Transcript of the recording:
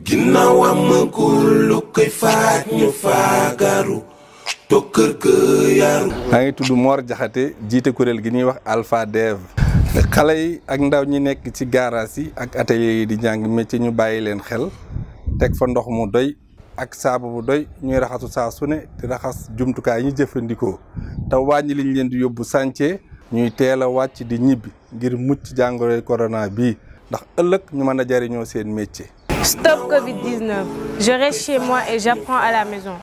ginnaaw amagul koy faat ñu faagaru toog kër ga yaru maa ngi tudd Mor Jaxate jiite kuréel gi ñuy wax Alpha Dev xale yi ak ndaw ñi nekk ci garage yi ak atelier yi di jàng métier ñu bàyyi leen xel teg fa ndox mu doy ak saabu bu doy ñuy raxasu saa su ne di raxas jumtukaay yi ñu jëfandikoo te wàññi liñ leen di yóbbu sànce ñuy teel a wàcc di ñibbi ngir mucc jàngoro corona bi ndax ëllëg ñu mën a jariñoo seen métier. Stop Covid-19. Je reste chez moi et j'apprends à la maison.